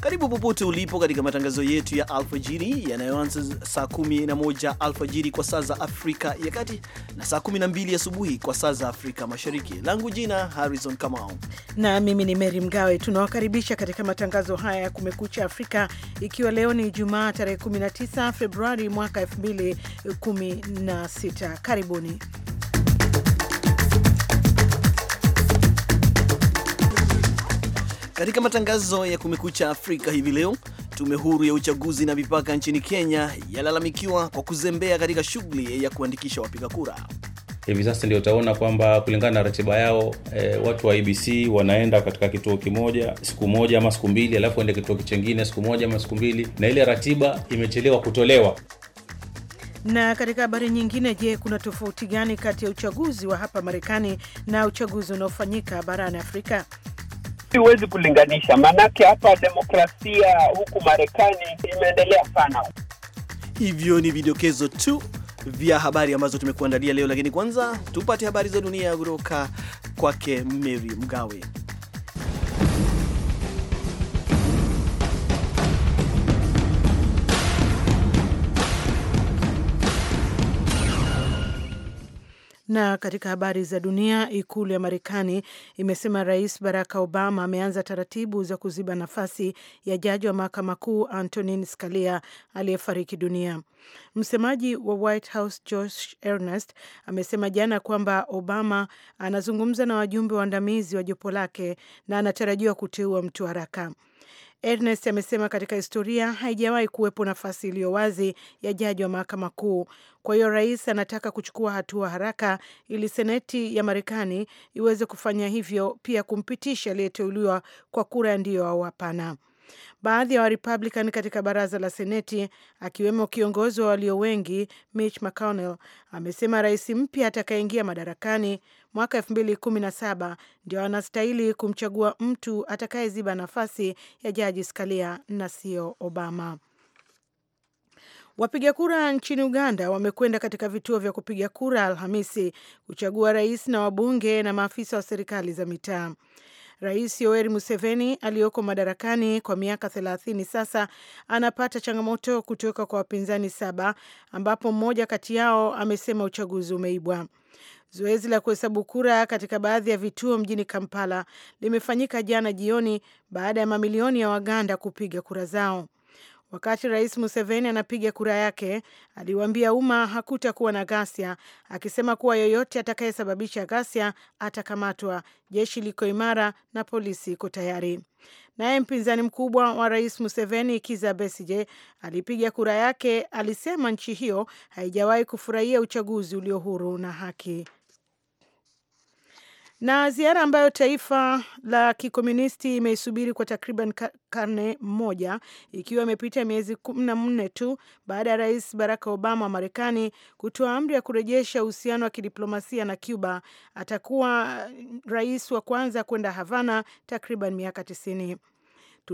Karibu popote ulipo katika matangazo yetu ya alfajiri yanayoanza saa 11 alfajiri kwa saa za Afrika ya Kati na saa 12 asubuhi kwa saa za Afrika Mashariki. Langu jina Harrison Kamau na mimi ni Mary Mgawe. Tunawakaribisha katika matangazo haya ya Kumekucha Afrika, ikiwa leo ni Jumaa tarehe 19 Februari mwaka 2016. Karibuni. Katika matangazo ya Kumekucha Afrika hivi leo, tume huru ya uchaguzi na mipaka nchini Kenya yalalamikiwa kwa kuzembea katika shughuli ya kuandikisha wapiga kura. Hivi sasa ndio utaona kwamba kulingana na ratiba yao e, watu wa IBC wanaenda katika kituo kimoja siku moja ama siku mbili, alafu waende kituo chengine siku moja ama siku mbili, na ile ratiba imechelewa kutolewa. Na katika habari nyingine, je, kuna tofauti gani kati ya uchaguzi wa hapa Marekani na uchaguzi unaofanyika barani Afrika? Siwezi kulinganisha, maanake hapa demokrasia huku Marekani imeendelea sana. Hivyo ni vidokezo tu vya habari ambazo tumekuandalia leo, lakini kwanza tupate habari za dunia kutoka kwake Mary Mgawe. Na katika habari za dunia, ikulu ya Marekani imesema Rais Barack Obama ameanza taratibu za kuziba nafasi ya jaji wa mahakama kuu Antonin Scalia aliyefariki dunia. Msemaji wa White House Josh Ernest amesema jana kwamba Obama anazungumza na wajumbe waandamizi wa jopo lake na anatarajiwa kuteua mtu haraka. Ernest amesema katika historia haijawahi kuwepo nafasi iliyo wazi ya jaji wa mahakama kuu. Kwa hiyo rais anataka kuchukua hatua haraka ili seneti ya Marekani iweze kufanya hivyo, pia kumpitisha aliyeteuliwa kwa kura ya ndio au hapana baadhi ya Warepublican katika baraza la Seneti, akiwemo kiongozi wa walio wengi Mitch McConnell, amesema rais mpya atakayeingia madarakani mwaka elfu mbili kumi na saba ndio anastahili kumchagua mtu atakayeziba nafasi ya jaji Scalia na sio Obama. Wapiga kura nchini Uganda wamekwenda katika vituo vya kupiga kura Alhamisi kuchagua rais na wabunge na maafisa wa serikali za mitaa. Rais Yoweri Museveni aliyoko madarakani kwa miaka thelathini sasa anapata changamoto kutoka kwa wapinzani saba, ambapo mmoja kati yao amesema uchaguzi umeibwa. Zoezi la kuhesabu kura katika baadhi ya vituo mjini Kampala limefanyika jana jioni baada ya mamilioni ya Waganda kupiga kura zao. Wakati Rais Museveni anapiga kura yake, aliwaambia umma hakutakuwa na ghasia, akisema kuwa yeyote atakayesababisha ghasia atakamatwa, jeshi liko imara na polisi iko tayari. Naye mpinzani mkubwa wa Rais Museveni, kiza Besije, alipiga kura yake, alisema nchi hiyo haijawahi kufurahia uchaguzi ulio huru na haki na ziara ambayo taifa la kikomunisti imeisubiri kwa takriban karne moja ikiwa imepita miezi kumi na nne tu baada ya Rais Barack Obama wa Marekani kutoa amri ya kurejesha uhusiano wa kidiplomasia na Cuba, atakuwa rais wa kwanza kwenda Havana takriban miaka tisini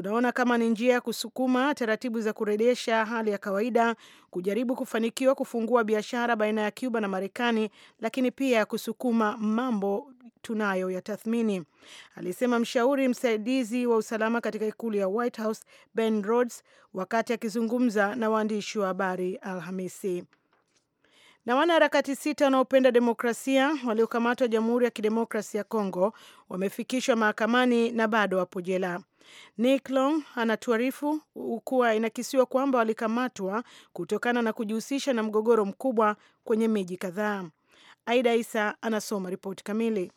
tunaona kama ni njia ya kusukuma taratibu za kurejesha hali ya kawaida, kujaribu kufanikiwa kufungua biashara baina ya Cuba na Marekani, lakini pia kusukuma mambo tunayo ya tathmini, alisema mshauri msaidizi wa usalama katika ikulu ya White House Ben Rhodes wakati akizungumza na waandishi wa habari Alhamisi na wanaharakati sita wanaopenda demokrasia waliokamatwa Jamhuri ya kidemokrasi ya congo wamefikishwa mahakamani na bado wapo jela. Nick Long anatuarifu kuwa inakisiwa kwamba walikamatwa kutokana na kujihusisha na mgogoro mkubwa kwenye miji kadhaa. Aida Isa anasoma ripoti kamili.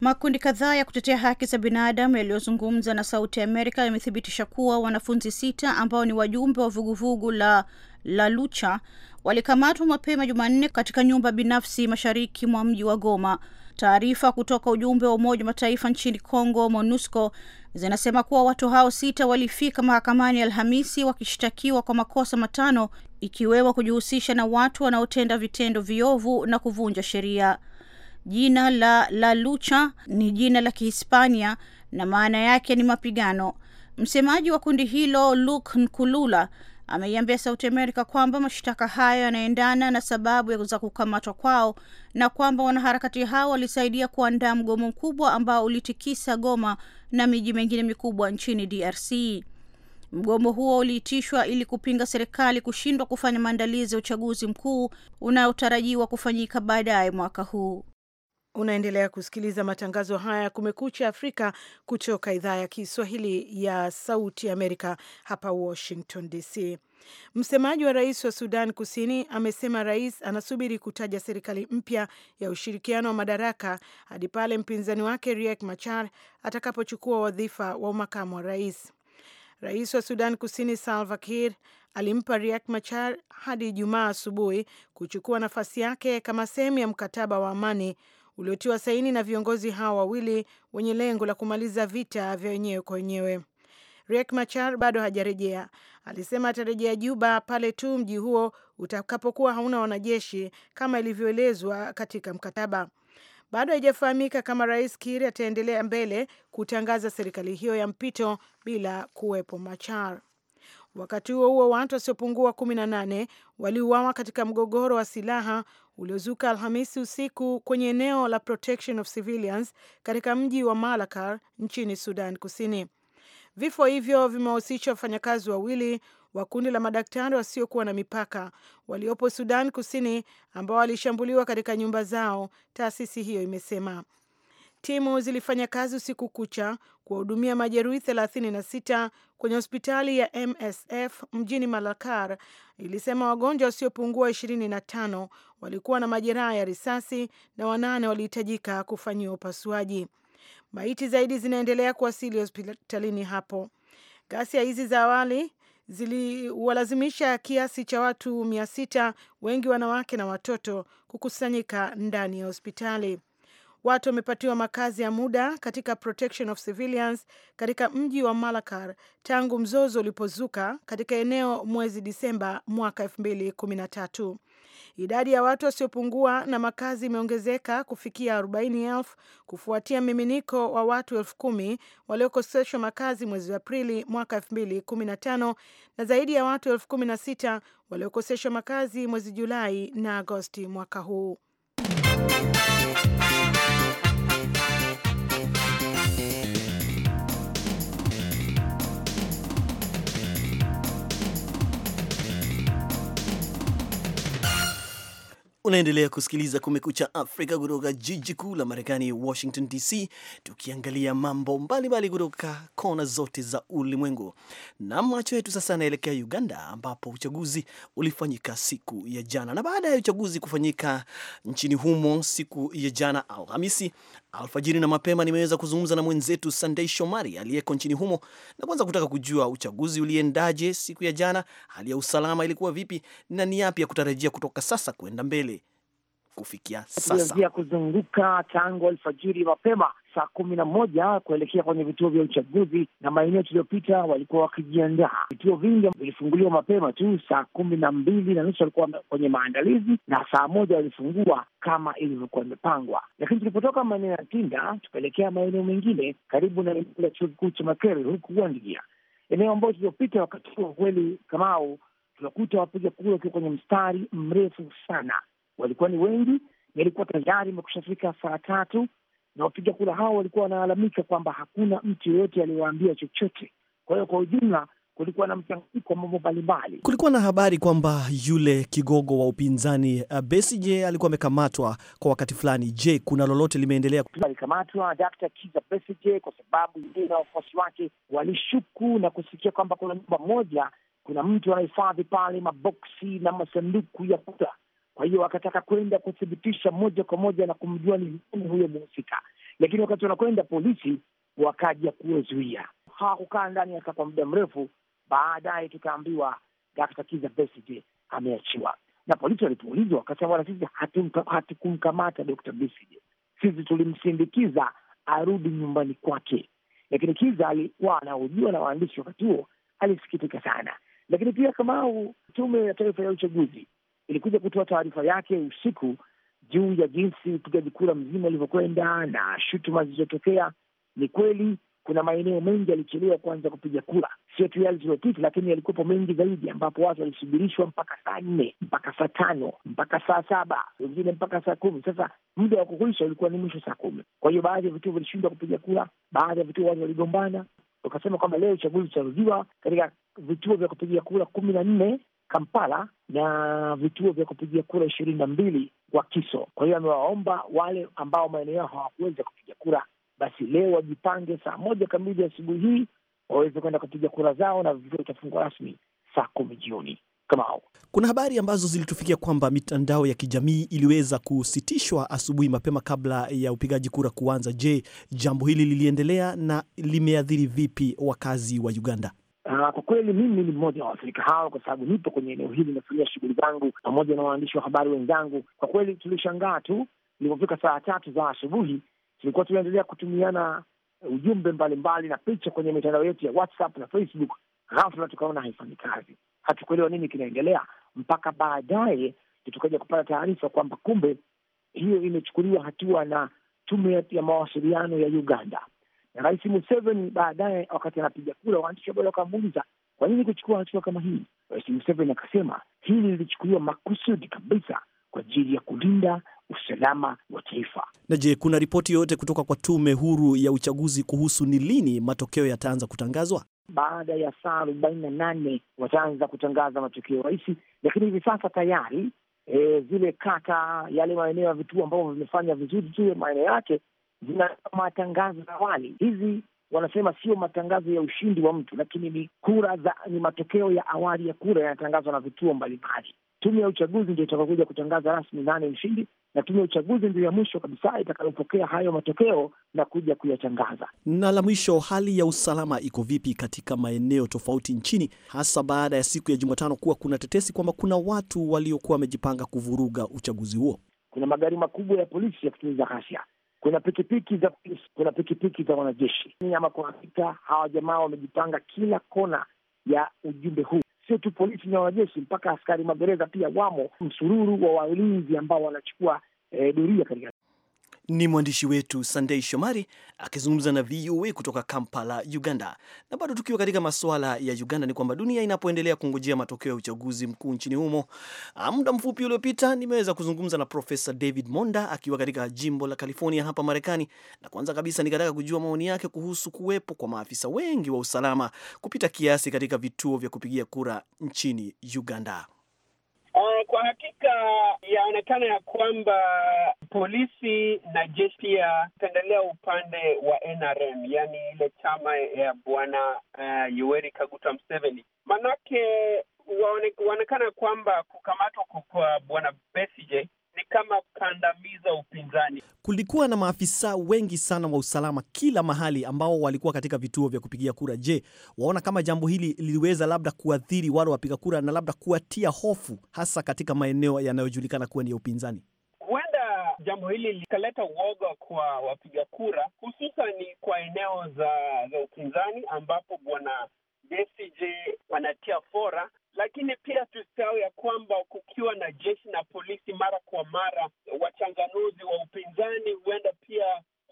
Makundi kadhaa ya kutetea haki za binadamu yaliyozungumza na Sauti Amerika yamethibitisha kuwa wanafunzi sita ambao ni wajumbe wa vuguvugu la la Lucha walikamatwa mapema Jumanne katika nyumba binafsi mashariki mwa mji wa Goma Taarifa kutoka ujumbe wa Umoja wa Mataifa nchini Kongo, MONUSCO, zinasema kuwa watu hao sita walifika mahakamani Alhamisi wakishtakiwa kwa makosa matano ikiwemo kujihusisha na watu wanaotenda vitendo viovu na kuvunja sheria. Jina la La Lucha ni jina la Kihispania na maana yake ni mapigano. Msemaji wa kundi hilo Luke Nkulula ameiambia Sauti Amerika kwamba mashtaka hayo yanaendana na sababu za kukamatwa kwao na kwamba wanaharakati hao walisaidia kuandaa mgomo mkubwa ambao ulitikisa Goma na miji mingine mikubwa nchini DRC. Mgomo huo uliitishwa ili kupinga serikali kushindwa kufanya maandalizi ya uchaguzi mkuu unaotarajiwa kufanyika baadaye mwaka huu. Unaendelea kusikiliza matangazo haya ya Kumekucha Afrika kutoka idhaa ya Kiswahili ya Sauti Amerika, hapa Washington DC. Msemaji wa rais wa Sudan Kusini amesema rais anasubiri kutaja serikali mpya ya ushirikiano wa madaraka hadi pale mpinzani wake Riek Machar atakapochukua wadhifa wa makamu wa rais. Rais wa Sudan Kusini Salva Kiir alimpa Riek Machar hadi Ijumaa asubuhi kuchukua nafasi yake kama sehemu ya mkataba wa amani uliotiwa saini na viongozi hawa wawili wenye lengo la kumaliza vita vya wenyewe kwa wenyewe. Riek Machar bado hajarejea. Alisema atarejea Juba pale tu mji huo utakapokuwa hauna wanajeshi kama ilivyoelezwa katika mkataba. Bado haijafahamika kama Rais Kiir ataendelea mbele kutangaza serikali hiyo ya mpito bila kuwepo Machar. Wakati huo huo, watu wasiopungua kumi na nane waliuawa katika mgogoro wa silaha uliozuka Alhamisi usiku kwenye eneo la Protection of Civilians katika mji wa malakar nchini Sudan Kusini. Vifo hivyo vimewahusisha wafanyakazi wawili wa kundi la madaktari wasiokuwa na mipaka waliopo Sudan Kusini ambao walishambuliwa katika nyumba zao, taasisi hiyo imesema. Timu zilifanya kazi usiku kucha kuwahudumia majeruhi 36 kwenye hospitali ya MSF mjini Malakar. ilisema wagonjwa wasiopungua 25 walikuwa na majeraha ya risasi na wanane walihitajika kufanyiwa upasuaji. Maiti zaidi zinaendelea kuwasili hospitalini hapo. Ghasia hizi za awali ziliwalazimisha kiasi cha watu sita, wengi wanawake na watoto, kukusanyika ndani ya hospitali. Watu wamepatiwa makazi ya muda katika Protection of Civilians katika mji wa Malakar tangu mzozo ulipozuka katika eneo mwezi Disemba mwaka 2013. Idadi ya watu wasiopungua na makazi imeongezeka kufikia 40,000 kufuatia miminiko wa watu 10,000 waliokoseshwa makazi mwezi Aprili mwaka 2015 na zaidi ya watu 16,000 waliokoseshwa makazi mwezi Julai na Agosti mwaka huu. Unaendelea kusikiliza Kumekucha Afrika kutoka jiji kuu la Marekani, Washington DC, tukiangalia mambo mbalimbali kutoka kona zote za ulimwengu. Na macho yetu sasa anaelekea Uganda, ambapo uchaguzi ulifanyika siku ya jana. Na baada ya uchaguzi kufanyika nchini humo siku ya jana Alhamisi, Alfajiri na mapema nimeweza kuzungumza na mwenzetu Sandei Shomari aliyeko nchini humo, na kwanza kutaka kujua uchaguzi uliendaje siku ya jana, hali ya usalama ilikuwa vipi, na ni yapi ya kutarajia kutoka sasa kwenda mbele kufikia sasa ya kuzunguka tangu alfajiri mapema saa kumi na moja kuelekea kwenye vituo vya uchaguzi na maeneo tuliyopita walikuwa wakijiandaa. Vituo vingi vilifunguliwa mapema tu, saa kumi na mbili na nusu walikuwa kwenye maandalizi na saa moja walifungua kama ilivyokuwa imepangwa. Lakini tulipotoka maeneo ya Tinda tukaelekea maeneo mengine karibu na eneo la chuo kikuu cha makere huku Wandigia, eneo ambayo tuliyopita wakati huo kweli, Kamau, tunakuta wapiga kura wakiwa kwenye mstari mrefu sana walikuwa ni wengi, yalikuwa tayari imekushafika saa tatu, na wapiga kura hao walikuwa wanalalamika kwamba hakuna mtu yeyote aliyewaambia chochote. Kwa hiyo kwa ujumla kulikuwa na mchanganyiko wa mambo mbalimbali. Kulikuwa na habari kwamba yule kigogo wa upinzani eh, Besigye alikuwa amekamatwa kwa wakati fulani. Je, kuna lolote limeendelea? Alikamatwa Dr. Kizza Besigye kwa sababu yeye na wafuasi wake walishuku na kusikia kwamba kuna nyumba moja, kuna mtu anahifadhi pale maboksi na masanduku ya kura kwa hiyo wakataka kwenda kuthibitisha moja kwa moja na kumjua ni nani huyo mhusika, lakini wakati wanakwenda polisi wakaja kuwazuia. Hawakukaa ndani hata kwa muda mrefu, baadaye tukaambiwa Dakta Kiza Besigye ameachiwa. Na polisi walipoulizwa wakasema, bwana, sisi hatukumkamata Dokta Besigye, sisi tulimsindikiza arudi nyumbani kwake. Lakini kiza alikuwa anahojiwa na waandishi wakati huo, alisikitika sana. Lakini pia Kamau, Tume ya Taifa ya Uchaguzi ilikuja kutoa taarifa yake usiku juu ya jinsi upigaji kura mzima ulivyokwenda na shutuma zilizotokea. Ni kweli kuna maeneo mengi yalichelewa kuanza kupiga kura, sio tu yale zilizopita, lakini yalikuwepo mengi zaidi, ambapo watu walisubirishwa mpaka saa nne mpaka saa tano mpaka saa saba wengine mpaka saa kumi. Sasa muda wa kukuisha ulikuwa ni mwisho saa kumi. Kwa hiyo baadhi ya vituo vilishindwa kupiga kura, baadhi ya vituo watu waligombana, wakasema kwamba leo uchaguzi utarudiwa katika vituo vya kupigia kura kumi na nne Kampala na vituo vya kupigia kura ishirini na mbili kwa kiso. Kwa hiyo amewaomba wale ambao maeneo yao hawakuweza kupiga kura, basi leo wajipange saa moja kamili asubuhi hii waweze kwenda kupiga kura zao, na vituo vitafungwa rasmi saa kumi jioni. Kamao, kuna habari ambazo zilitufikia kwamba mitandao ya kijamii iliweza kusitishwa asubuhi mapema kabla ya upigaji kura kuanza. Je, jambo hili liliendelea na limeathiri vipi wakazi wa Uganda? Uh, kwa kweli mimi ni mmoja wa waafrika hao, kwa sababu nipo kwenye eneo hili, nafanyia shughuli zangu pamoja na waandishi wa habari wenzangu. Kwa kweli tulishangaa tu ilipofika saa tatu za asubuhi, tulikuwa tunaendelea kutumiana eh, ujumbe mbalimbali mbali na picha kwenye mitandao yetu ya WhatsApp na Facebook. Ghafla tukaona haifanyi kazi, hatukuelewa nini kinaendelea, mpaka baadaye tukaja kupata taarifa kwamba kumbe hiyo imechukuliwa hatua na tume ya mawasiliano ya Uganda. Rais Museveni baadaye, wakati anapiga kura, waandishi habari wakamuuliza kwa nini kuchukua hatua kama hii. Rais Museveni akasema hili lilichukuliwa makusudi kabisa kwa ajili ya kulinda usalama wa taifa. Na je, kuna ripoti yoyote kutoka kwa tume huru ya uchaguzi kuhusu ni lini matokeo yataanza kutangazwa? Baada ya saa arobaini na nane wataanza kutangaza matokeo rahisi, lakini hivi sasa tayari e, zile kata, yale maeneo ya vituo ambavyo vimefanya vizuri juu ya maeneo yake zinaa matangazo ya awali. Hizi wanasema sio matangazo ya ushindi wa mtu, lakini ni kura za, ni matokeo ya awali ya kura yanatangazwa na vituo mbalimbali. Tume ya uchaguzi ndio itakakuja kutangaza rasmi nani mshindi, na tume ya uchaguzi ndio ya mwisho kabisa itakayopokea hayo matokeo na kuja kuyatangaza. Na la mwisho, hali ya usalama iko vipi katika maeneo tofauti nchini, hasa baada ya siku ya Jumatano kuwa kuna tetesi kwamba kuna watu waliokuwa wamejipanga kuvuruga uchaguzi huo? Kuna magari makubwa ya polisi ya kutuliza ghasia kuna pikipiki za polisi, kuna pikipiki za wanajeshi. Ama kuna hakika hawa jamaa wamejipanga kila kona ya ujumbe huu, sio tu polisi na wanajeshi, mpaka askari magereza pia wamo, msururu wa walinzi ambao wanachukua e, doria katika ni mwandishi wetu Sandei Shomari akizungumza na VOA kutoka Kampala, Uganda. Na bado tukiwa katika masuala ya Uganda, ni kwamba dunia inapoendelea kungojea matokeo ya uchaguzi mkuu nchini humo, ah, muda mfupi uliopita nimeweza kuzungumza na Profesa David Monda akiwa katika jimbo la California hapa Marekani, na kwanza kabisa nikataka kujua maoni yake kuhusu kuwepo kwa maafisa wengi wa usalama kupita kiasi katika vituo vya kupigia kura nchini Uganda. Uh, kwa hakika yaonekana ya kwamba polisi na jeshi pia itaendelea upande wa NRM, yaani ile chama ya bwana uh, Yoweri Kaguta Museveni, manake waonekana kwamba kukamatwa kwa bwana Besigye kulikuwa na maafisa wengi sana wa usalama kila mahali ambao walikuwa katika vituo vya kupigia kura. Je, waona kama jambo hili liliweza labda kuathiri wale wapiga kura na labda kuwatia hofu hasa katika maeneo yanayojulikana kuwa ni ya upinzani? Huenda jambo hili likaleta uoga kwa wapiga kura, hususan kwa eneo za, za upinzani ambapo bwana DCJ wanatia fora, lakini pia tusahau ya kwamba kukiwa na jeshi na polisi mara kwa mara, wachanganuzi wa upinzani huenda pia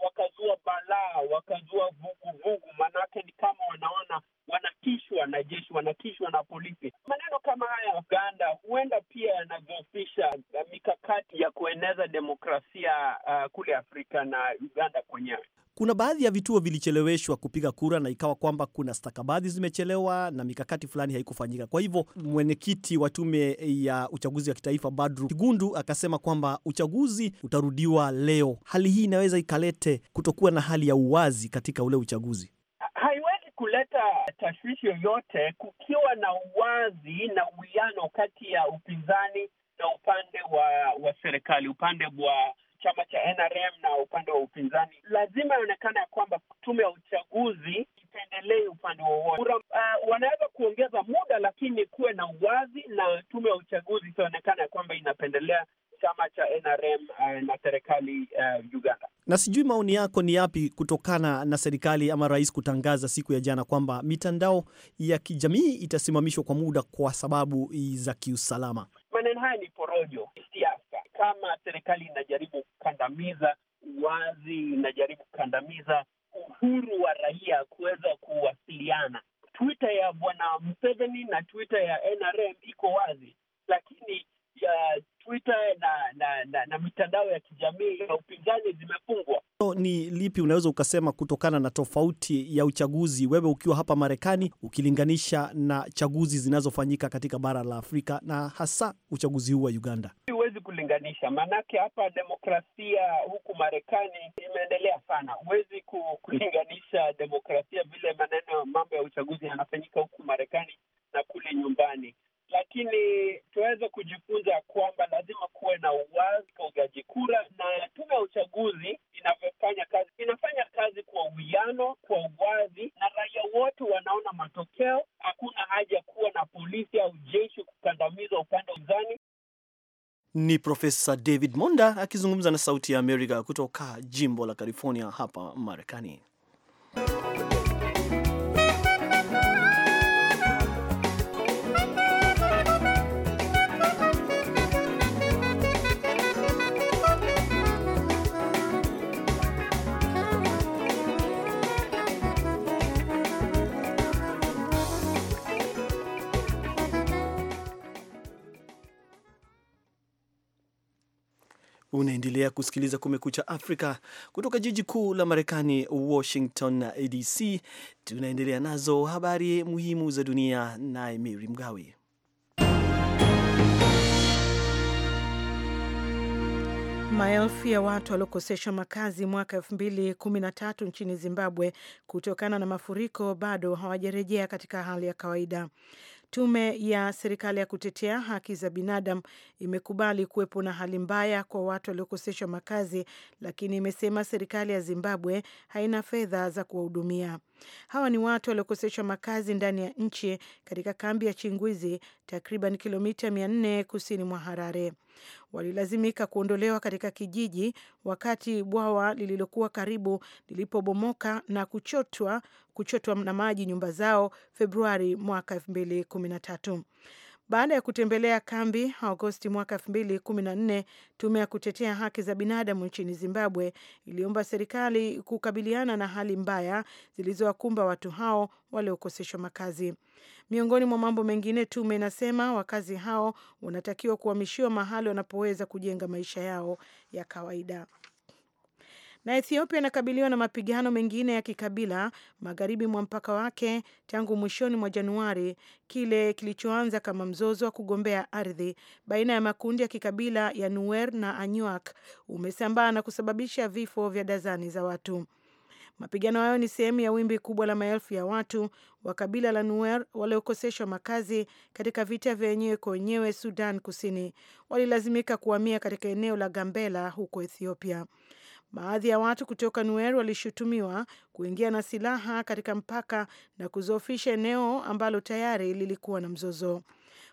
wakazua balaa, wakazua vuguvugu, maanake ni kama wanaona wanatishwa na jeshi, wanatishwa na polisi. Maneno kama haya Uganda huenda pia yanadhoofisha eh, mikakati ya kueneza demokrasia uh, kule Afrika na Uganda kwenyewe kuna baadhi ya vituo vilicheleweshwa kupiga kura na ikawa kwamba kuna stakabadhi zimechelewa na mikakati fulani haikufanyika. Kwa hivyo mwenyekiti wa tume ya uchaguzi wa kitaifa Badru Kigundu akasema kwamba uchaguzi utarudiwa leo. Hali hii inaweza ikalete kutokuwa na hali ya uwazi katika ule uchaguzi haiwezi kuleta tashwishi yoyote kukiwa na uwazi na uwiano kati ya upinzani na upande wa wa serikali, upande wa chama cha NRM na upande wa upinzani, lazima inaonekana ya kwamba tume ya uchaguzi ipendelei upande wowote. Uh, wanaweza kuongeza muda, lakini kuwe na uwazi, na tume ya uchaguzi itaonekana ya kwamba inapendelea chama cha NRM uh, na serikali uh, Uganda. Na sijui maoni yako ni yapi kutokana na serikali ama rais kutangaza siku ya jana kwamba mitandao ya kijamii itasimamishwa kwa muda kwa sababu za kiusalama. Maneno haya ni porojo kama serikali inajaribu kukandamiza uwazi, inajaribu kukandamiza uhuru wa raia kuweza kuwasiliana. Twitter ya bwana Mseveni na Twitter ya NRM iko wazi, lakini ya Twitter na na, na, na mitandao ya kijamii ya upinzani zimefungwa. So, ni lipi unaweza ukasema kutokana na tofauti ya uchaguzi, wewe ukiwa hapa Marekani ukilinganisha na chaguzi zinazofanyika katika bara la Afrika na hasa uchaguzi huu wa Uganda? huwezi kulinganisha, maanake hapa demokrasia huku Marekani imeendelea sana. Huwezi kulinganisha demokrasia vile maneno mambo ya uchaguzi yanafanyika huku Marekani na kule nyumbani, lakini tunaweza kujifunza kwamba lazima kuwe na uwazi kwa ugaji kura, na tume ya uchaguzi inavyofanya kazi, inafanya kazi kwa uwiano, kwa uwazi, na raia wote wanaona matokeo. Hakuna haja kuwa na polisi au jeshi kukandamiza upande wa upinzani. Ni Profesa David Monda akizungumza na Sauti ya Amerika kutoka jimbo la California hapa Marekani. Unaendelea kusikiliza Kumekucha Afrika kutoka jiji kuu la Marekani, Washington DC. Tunaendelea nazo habari muhimu za dunia, naye Mary Mgawi. Maelfu ya watu waliokoseshwa makazi mwaka elfu mbili kumi na tatu nchini Zimbabwe kutokana na mafuriko bado hawajarejea katika hali ya kawaida. Tume ya serikali ya kutetea haki za binadamu imekubali kuwepo na hali mbaya kwa watu waliokoseshwa makazi, lakini imesema serikali ya Zimbabwe haina fedha za kuwahudumia. Hawa ni watu waliokoseshwa makazi ndani ya nchi katika kambi ya Chingwizi, takriban kilomita mia4 kusini mwa Harare. Walilazimika kuondolewa katika kijiji wakati bwawa lililokuwa karibu lilipobomoka na kuchotwa kuchotwa na maji nyumba zao Februari mwaka tatu baada ya kutembelea kambi Agosti mwaka 2014, tume ya kutetea haki za binadamu nchini Zimbabwe iliomba serikali kukabiliana na hali mbaya zilizowakumba watu hao waliokoseshwa makazi. Miongoni mwa mambo mengine, tume inasema wakazi hao wanatakiwa kuhamishiwa mahali wanapoweza kujenga maisha yao ya kawaida. Na Ethiopia inakabiliwa na mapigano mengine ya kikabila magharibi mwa mpaka wake tangu mwishoni mwa Januari, kile kilichoanza kama mzozo wa kugombea ardhi baina ya makundi ya kikabila ya Nuer na Anyuak umesambaa na kusababisha vifo vya dazani za watu. Mapigano hayo ni sehemu ya wimbi kubwa la maelfu ya watu wa kabila la Nuer waliokoseshwa makazi katika vita vya wenyewe kwa wenyewe Sudan Kusini, walilazimika kuhamia katika eneo la Gambela huko Ethiopia. Baadhi ya watu kutoka Nuer walishutumiwa kuingia na silaha katika mpaka na kuzoofisha eneo ambalo tayari lilikuwa na mzozo.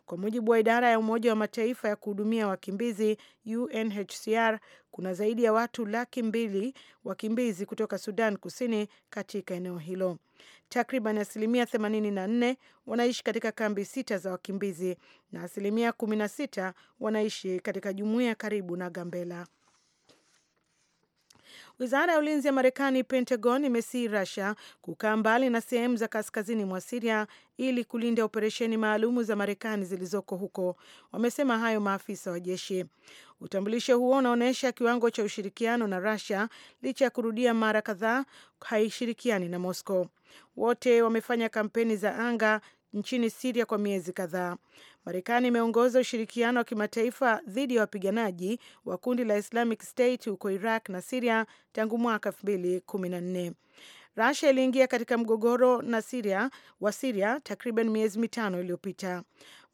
Kwa mujibu wa idara ya Umoja wa Mataifa ya kuhudumia wakimbizi UNHCR, kuna zaidi ya watu laki mbili wakimbizi kutoka Sudan Kusini katika eneo hilo. Takriban asilimia 84 wanaishi katika kambi sita za wakimbizi na asilimia 16 wanaishi katika jumuiya karibu na Gambela. Wizara ya ulinzi ya Marekani, Pentagon, imesihi Rusia kukaa mbali na sehemu za kaskazini mwa Siria ili kulinda operesheni maalumu za Marekani zilizoko huko. Wamesema hayo maafisa wa jeshi. Utambulisho huo unaonyesha kiwango cha ushirikiano na Rusia licha ya kurudia mara kadhaa haishirikiani na Moscow. Wote wamefanya kampeni za anga nchini Siria kwa miezi kadhaa. Marekani imeongoza ushirikiano wa kimataifa dhidi ya wapiganaji wa kundi la Islamic State huko Iraq na Siria tangu mwaka 2014. rasia iliingia katika mgogoro na Siria wa Siria takriban miezi mitano iliyopita.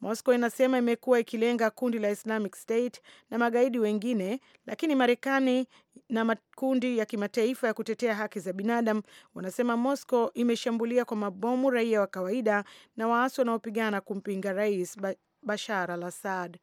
Moscow inasema imekuwa ikilenga kundi la Islamic State na magaidi wengine, lakini Marekani na makundi ya kimataifa ya kutetea haki za binadamu wanasema Moscow imeshambulia kwa mabomu raia wa kawaida na waasi wanaopigana kumpinga Rais Bashar al-Assad.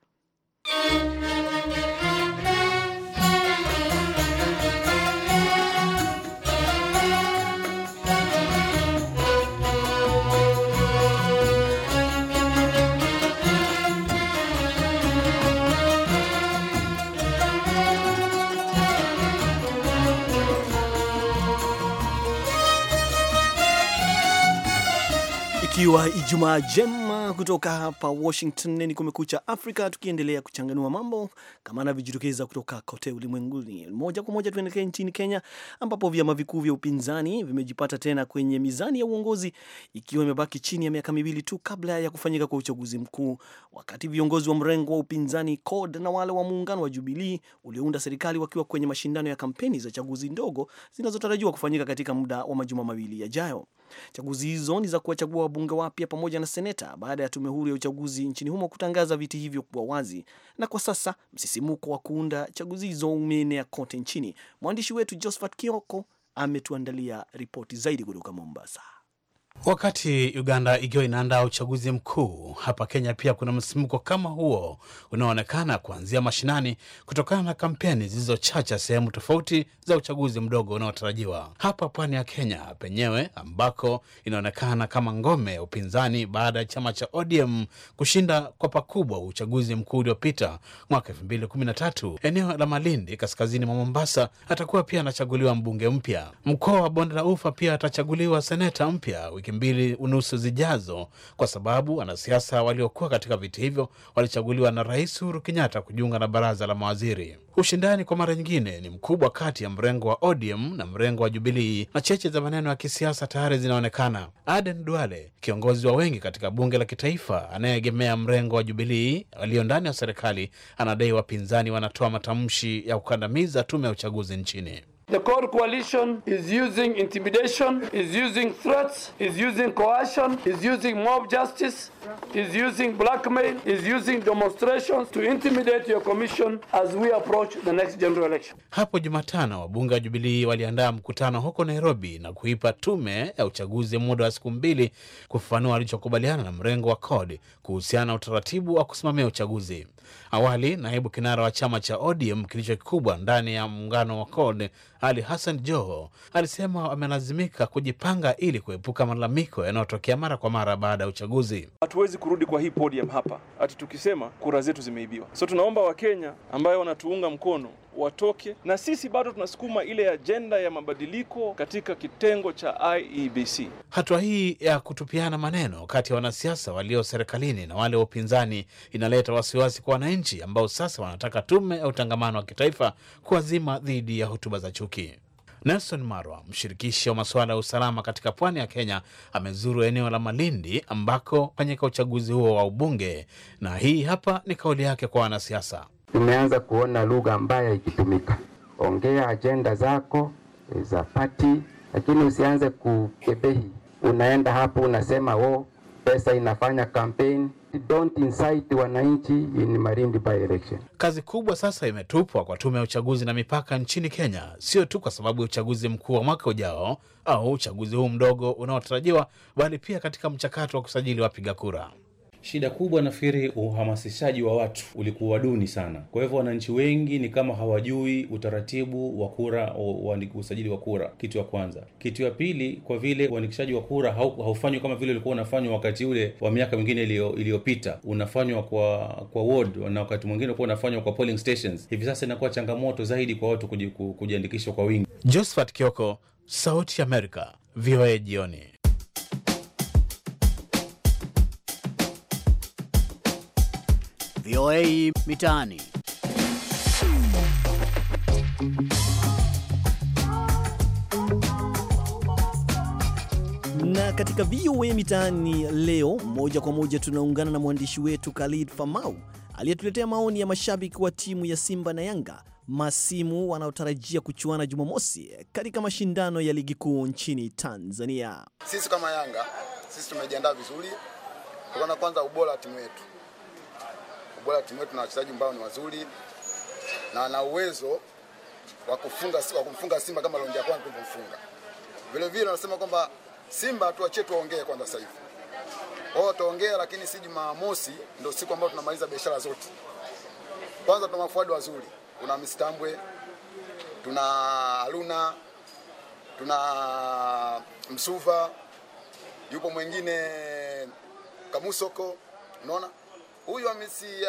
Ikiwa Ijumaa jema kutoka hapa Washington, ni Kumekucha Afrika, tukiendelea kuchanganua mambo kama anavyojitokeza kutoka kote ulimwenguni. Moja kwa moja tuelekee nchini Kenya, ambapo vyama vikuu vya upinzani vimejipata tena kwenye mizani ya uongozi, ikiwa imebaki chini ya miaka miwili tu kabla ya kufanyika kwa uchaguzi mkuu, wakati viongozi wa mrengo wa upinzani CORD na wale wa muungano wa Jubilii uliounda serikali wakiwa kwenye mashindano ya kampeni za chaguzi ndogo zinazotarajiwa kufanyika katika muda wa majuma mawili yajayo. Chaguzi hizo ni za kuwachagua wabunge wapya pamoja na seneta baada ya tume huru ya uchaguzi nchini humo kutangaza viti hivyo kuwa wazi, na kwa sasa msisimuko wa kuunda chaguzi hizo umeenea kote nchini. Mwandishi wetu Josephat Kioko ametuandalia ripoti zaidi kutoka Mombasa. Wakati Uganda ikiwa inaandaa uchaguzi mkuu, hapa Kenya pia kuna msimuko kama huo unaoonekana kuanzia mashinani kutokana na kampeni zilizochacha sehemu tofauti za uchaguzi mdogo unaotarajiwa hapa pwani ya Kenya penyewe, ambako inaonekana kama ngome ya upinzani baada ya chama cha ODM kushinda kwa pakubwa uchaguzi mkuu uliopita mwaka elfu mbili kumi na tatu. Eneo la Malindi kaskazini mwa Mombasa atakuwa pia anachaguliwa mbunge mpya. Mkoa wa Bonde la Ufa pia atachaguliwa seneta mpya wiki mbili unusu zijazo, kwa sababu wanasiasa waliokuwa katika viti hivyo walichaguliwa na Rais huru Kenyatta kujiunga na baraza la mawaziri. Ushindani kwa mara nyingine ni mkubwa kati ya mrengo wa ODM na mrengo wa Jubilii, na cheche za maneno ya kisiasa tayari zinaonekana. Aden Duale, kiongozi wa wengi katika bunge la kitaifa anayeegemea mrengo wa Jubilii aliyo ndani ya serikali, anadai wapinzani wanatoa matamshi ya kukandamiza tume ya uchaguzi nchini. The core coalition is using intimidation, is using threats, is using coercion, is using mob justice, is using blackmail, is using demonstrations to intimidate your commission as we approach the next general election. Hapo Jumatano wabunge wa Jubilii waliandaa mkutano huko Nairobi na kuipa tume ya uchaguzi muda wa siku mbili kufafanua walichokubaliana na mrengo wa CORD kuhusiana na utaratibu wa kusimamia uchaguzi. Awali naibu kinara wa chama cha ODM kilicho kikubwa ndani ya muungano wa CORD Ali Hassan Joho alisema amelazimika kujipanga ili kuepuka malalamiko yanayotokea mara kwa mara baada ya uchaguzi. Hatuwezi kurudi kwa hii podium hapa ati tukisema kura zetu zimeibiwa. So tunaomba Wakenya ambayo wanatuunga mkono watoke, na sisi bado tunasukuma ile ajenda ya mabadiliko katika kitengo cha IEBC. Hatua hii ya kutupiana maneno kati ya wanasiasa walio serikalini na wale wa upinzani inaleta wasiwasi kwa wananchi ambao sasa wanataka tume ya utangamano wa kitaifa kuwazima dhidi ya hotuba za chuki. Nelson Marwa, mshirikishi wa masuala ya usalama katika pwani ya Kenya, amezuru eneo la Malindi ambako fanyika uchaguzi huo wa ubunge, na hii hapa ni kauli yake kwa wanasiasa tumeanza kuona lugha mbaya ikitumika. Ongea ajenda zako eh, za pati, lakini usianze kukebehi. Unaenda hapo unasema wo oh, pesa inafanya campaign. Don't incite wananchi in Malindi by election. Kazi kubwa sasa imetupwa kwa Tume ya Uchaguzi na Mipaka nchini Kenya, sio tu kwa sababu ya uchaguzi mkuu wa mwaka ujao au uchaguzi huu mdogo unaotarajiwa, bali pia katika mchakato wa kusajili wapiga kura. Shida kubwa nafikiri uhamasishaji wa watu ulikuwa duni sana. Kwa hivyo wananchi wengi ni kama hawajui utaratibu wa kura, usajili wa kura, kitu ya kwanza. Kitu ya pili, kwa vile uandikishaji wa kura haufanywi kama vile ulikuwa unafanywa wakati ule wa miaka mingine iliyopita, unafanywa kwa kwa ward, na wakati mwingine ulikuwa unafanywa kwa polling stations. Hivi sasa inakuwa changamoto zaidi kwa watu kujiandikishwa kwa wingi. Josephat Kioko, Sauti america VOA jioni. VOA Mitaani. Na katika VOA Mitaani leo, moja kwa moja tunaungana na mwandishi wetu Khalid Famau aliyetuletea maoni ya mashabiki wa timu ya Simba na Yanga masimu wanaotarajia kuchuana Jumamosi katika mashindano ya ligi kuu nchini Tanzania. Sisi kama Yanga, sisi tumejiandaa vizuri, tukaona kwanza ubora wa timu yetu bora timu yetu na wachezaji ambao ni wazuri na ana uwezo wa kufunga wa kumfunga Simba kama raundi ya kwanza tulivyomfunga. Vile vile wanasema kwamba Simba tuachie tuongee kwanza sasa hivi. Wao tuongee, lakini si Jumamosi ndio siku ambayo tunamaliza biashara zote. Kwanza tuna mafuadi wazuri, kuna Mistambwe, tuna Aluna, tuna Msuva, yupo mwingine Kamusoko, unaona? huyu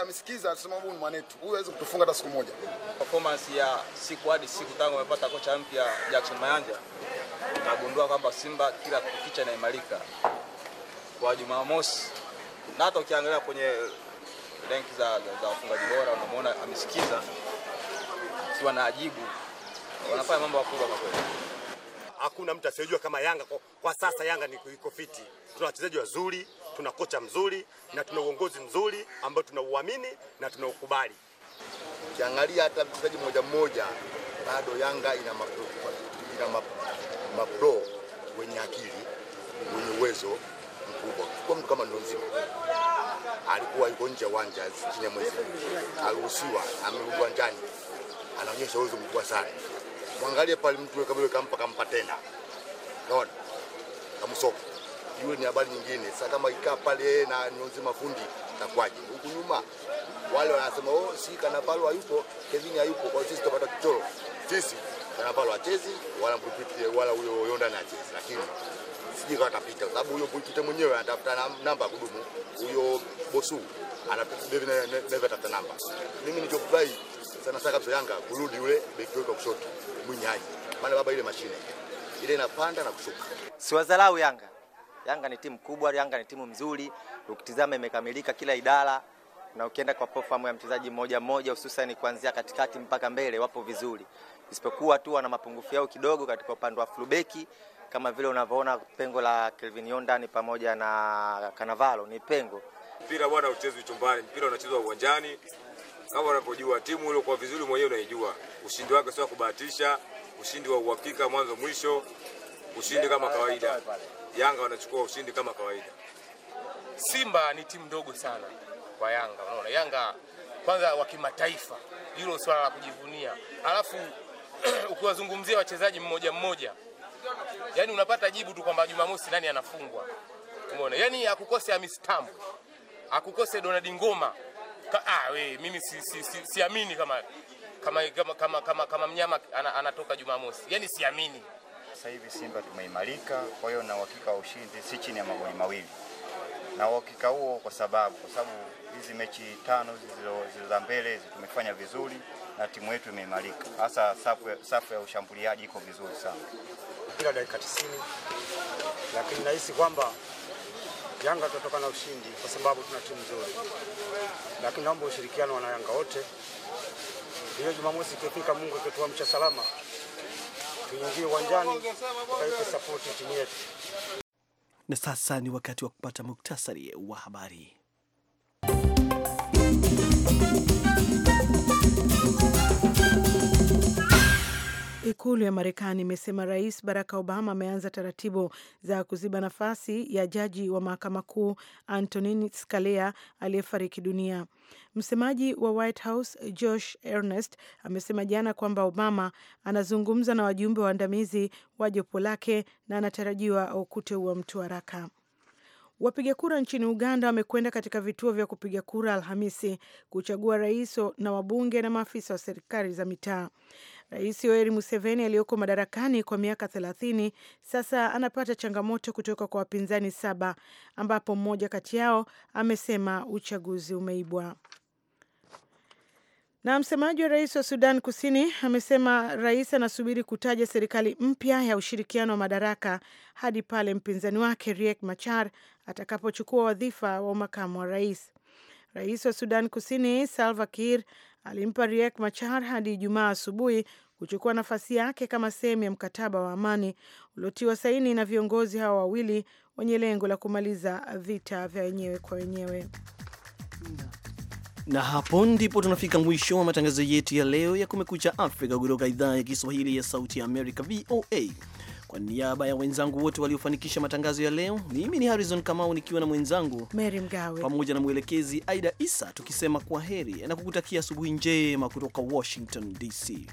amesikiza atasema huyu ni mwanetu, huyu hawezi kutufunga hata siku moja. Performance ya siku hadi siku tangu amepata kocha mpya Jackson Mayanja, nagundua kwamba Simba kila kukicha inaimarika kwa Jumamosi, na hata ukiangalia kwenye renki za, za wafungaji bora unamwona amesikiza akiwa na ajibu, wanafanya mambo makubwa kwa kweli. Hakuna mtu asiyejua kama Yanga kwa, kwa sasa Yanga ni iko fiti, tuna wachezaji wazuri tuna kocha mzuri na tuna uongozi mzuri ambao tunauamini na tunaukubali. Ukiangalia hata mchezaji mmoja mmoja, bado Yanga ina mapro, ina mapro wenye akili, wenye uwezo mkubwa. Kwa mtu kama Nonzi alikuwa yuko nje uwanja chini ya mwezi, aruhusiwa, amerudi uwanjani, anaonyesha uwezo mkubwa sana. Mwangalie pale mtu kama yule, kampa kampa tena, naona kamsoko hiyo ni habari nyingine. Sasa kama ikaa pale na nyozi mafundi takwaje? Huku nyuma wale wanasema oh, si Kanapalo hayupo, Kevin hayupo, kwa sisi tupata kichoro. Sisi Kanapalo hachezi wala mpiti wala huyo Yonda na hachezi, lakini sije kwa kapita, sababu huyo mpiti mwenyewe anatafuta namba kudumu, huyo Bosu anatafuta never tafuta namba. Mimi nilichofurahi sana sana kabisa Yanga kurudi yule beki wetu wa kushoto mwinyaji, maana baba ile mashine ile inapanda na kushuka, siwadharau Yanga Yanga ni timu kubwa, Yanga ni timu mzuri, ukitizama imekamilika kila idara, na ukienda kwa performance ya mchezaji mmoja mmoja, hususan kuanzia katikati mpaka mbele, wapo vizuri, isipokuwa tu wana mapungufu yao kidogo katika upande wa fullbeki kama vile unavyoona pengo la Kelvin Yondani pamoja na Kanavalo ni pengo. Mpira bwana uchezwi chumbani, mpira unachezwa uwanjani kama unavyojua timu ile kwa vizuri mwenyewe unaijua. Ushindi wake sio kubahatisha, ushindi wa uhakika mwanzo mwisho, ushindi kama kawaida. Yanga wanachukua ushindi kama kawaida. Simba ni timu ndogo sana kwa Yanga, unaona Yanga kwanza wa kimataifa, hilo swala la kujivunia. Alafu ukiwazungumzia wachezaji mmoja mmoja, yaani unapata jibu tu kwamba Jumamosi nani anafungwa, umeona? Yaani akukose Hamis Tambo, akukose Donald Ngoma. Ah, we, mimi siamini si, si, si, kama, kama, kama, kama, kama, kama mnyama anatoka Jumamosi, yaani siamini. Sasa hivi Simba tumeimarika, kwa hiyo na uhakika wa ushindi si chini ya magoli mawili, na uhakika huo kwa sababu kwa sababu hizi mechi tano zilizo za mbele tumefanya vizuri na timu yetu imeimarika, hasa safu, safu ya ushambuliaji iko vizuri sana kila dakika 90, lakini nahisi kwamba Yanga tutatoka na ushindi kwa sababu tuna timu nzuri, lakini naomba ushirikiano wana Yanga wote. Hiyo Jumamosi ikifika, Mungu akituamsha salama tuingie uwanjani tukaipe sapoti timu yetu. Na sasa ni wakati wa kupata muktasari wa habari. Ikulu ya Marekani imesema Rais Barack Obama ameanza taratibu za kuziba nafasi ya jaji wa mahakama kuu Antonin Scalia aliyefariki dunia. Msemaji wa White House Josh Ernest amesema jana kwamba Obama anazungumza na wajumbe waandamizi wa jopo lake na anatarajiwa kuteua mtu haraka. Wapiga kura nchini Uganda wamekwenda katika vituo vya kupiga kura Alhamisi kuchagua rais na wabunge na maafisa wa serikali za mitaa. Rais Yoweri Museveni aliyoko madarakani kwa miaka 30 sasa anapata changamoto kutoka kwa wapinzani saba ambapo mmoja kati yao amesema uchaguzi umeibwa. Na msemaji wa rais wa Sudan Kusini amesema rais anasubiri kutaja serikali mpya ya ushirikiano wa madaraka hadi pale mpinzani wake Riek Machar atakapochukua wadhifa wa makamu wa rais. Rais wa Sudan Kusini Salva Kiir alimpa Riek Machar hadi Ijumaa asubuhi kuchukua nafasi yake kama sehemu ya mkataba wa amani uliotiwa saini na viongozi hawa wawili wenye lengo la kumaliza vita vya wenyewe kwa wenyewe. Na hapo ndipo tunafika mwisho wa matangazo yetu ya leo ya Kumekucha Afrika kutoka idhaa ya Kiswahili ya Sauti ya Amerika, VOA. Kwa niaba ya wenzangu wote waliofanikisha matangazo ya leo, mimi ni Harrison Kamau nikiwa na mwenzangu Mary Mgawe pamoja na mwelekezi Aida Isa, tukisema kwa heri na kukutakia asubuhi njema kutoka Washington DC.